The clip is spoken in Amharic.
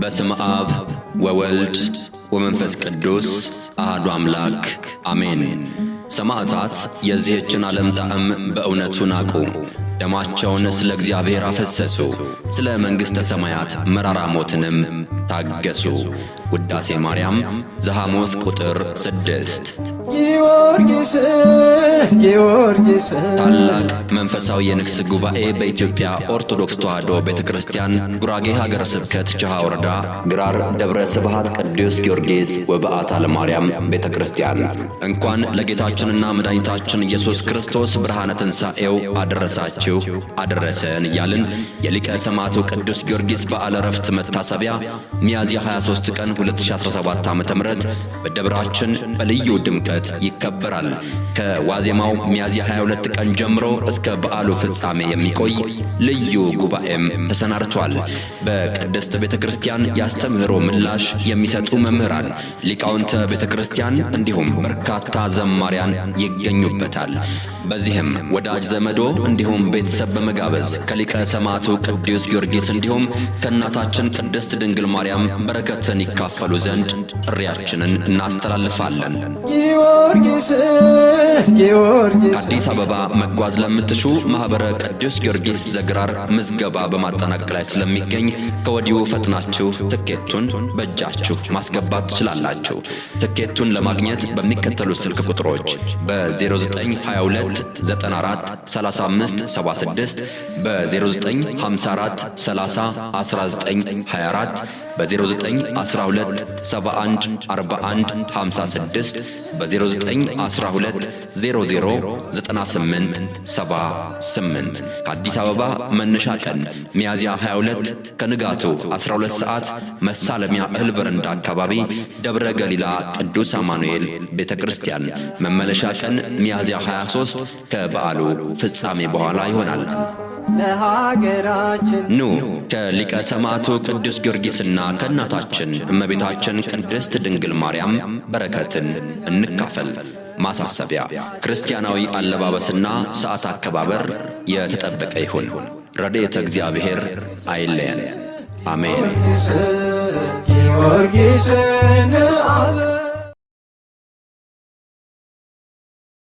በስም አብ ወወልድ ወመንፈስ ቅዱስ አህዱ አምላክ አሜን። ሰማዕታት የዚህችን ዓለም ጣዕም በእውነቱ ናቁ። ደማቸውን ስለ እግዚአብሔር አፈሰሱ። ስለ መንግሥተ ሰማያት መራራ ሞትንም ታገሱ። ውዳሴ ማርያም ዘሐሙስ ቁጥር ስድስት ጊዮርጊስ ጊዮርጊስ ታላቅ መንፈሳዊ የንግስ ጉባኤ በኢትዮጵያ ኦርቶዶክስ ተዋሕዶ ቤተ ክርስቲያን ጉራጌ ሀገረ ስብከት ቸሃ ወረዳ ግራር ደብረ ስብሃት ቅዱስ ጊዮርጊስ ወበዓታ ለማርያም ቤተ ክርስቲያን እንኳን ለጌታችንና መድኃኒታችን ኢየሱስ ክርስቶስ ብርሃነ ትንሣኤው አደረሳችሁ አደረሰን እያልን የሊቀ ሰማዕቱ ቅዱስ ጊዮርጊስ በዓለ ዕረፍት መታሰቢያ ሚያዝያ 23 ቀን 2017 ዓ.ም በደብራችን በልዩ ድምቀት ይከበራል። ከዋዜማው ሚያዝያ 22 ቀን ጀምሮ እስከ በዓሉ ፍጻሜ የሚቆይ ልዩ ጉባኤም ተሰናድቷል። በቅድስት ቤተ ክርስቲያን የአስተምህሮ ምላሽ የሚሰጡ መምህራን፣ ሊቃውንተ ቤተ ክርስቲያን እንዲሁም በርካታ ዘማሪያን ይገኙበታል። በዚህም ወዳጅ ዘመዶ እንዲሁም ቤተሰብ በመጋበዝ ከሊቀ ሰማዕቱ ቅዱስ ጊዮርጊስ እንዲሁም ከእናታችን ቅድስት ድንግል ማርያም በረከትን ይካ ይካፈሉ ዘንድ ጥሪያችንን እናስተላልፋለን። ጊዮርጊስ ጊዮርጊስ ከአዲስ አበባ መጓዝ ለምትሹ ማኅበረ ቅዱስ ጊዮርጊስ ዘግራር ምዝገባ በማጠናቀቅ ላይ ስለሚገኝ ከወዲሁ ፈጥናችሁ ትኬቱን በእጃችሁ ማስገባት ትችላላችሁ። ትኬቱን ለማግኘት በሚከተሉ ስልክ ቁጥሮች በ0922 94 35 76 በ0954 30 19 24 በ0912 12 71 41 56 በ0912 00 98 78 ከአዲስ አበባ መነሻ ቀን ሚያዝያ 22 ከንጋቱ 12 ሰዓት መሳለሚያ እህል በረንዳ አካባቢ ደብረ ገሊላ ቅዱስ አማኑኤል ቤተ ክርስቲያን መመለሻ ቀን ሚያዝያ 23 ከበዓሉ ፍጻሜ በኋላ ይሆናል። ለሀገራችን ኑ ከሊቀ ሰማዕቱ ቅዱስ ጊዮርጊስና ከእናታችን እመቤታችን ቅድስት ድንግል ማርያም በረከትን እንካፈል። ማሳሰቢያ፣ ክርስቲያናዊ አለባበስና ሰዓት አከባበር የተጠበቀ ይሁን። ረድኤተ እግዚአብሔር አይለየን። አሜን። ጊዮርጊስን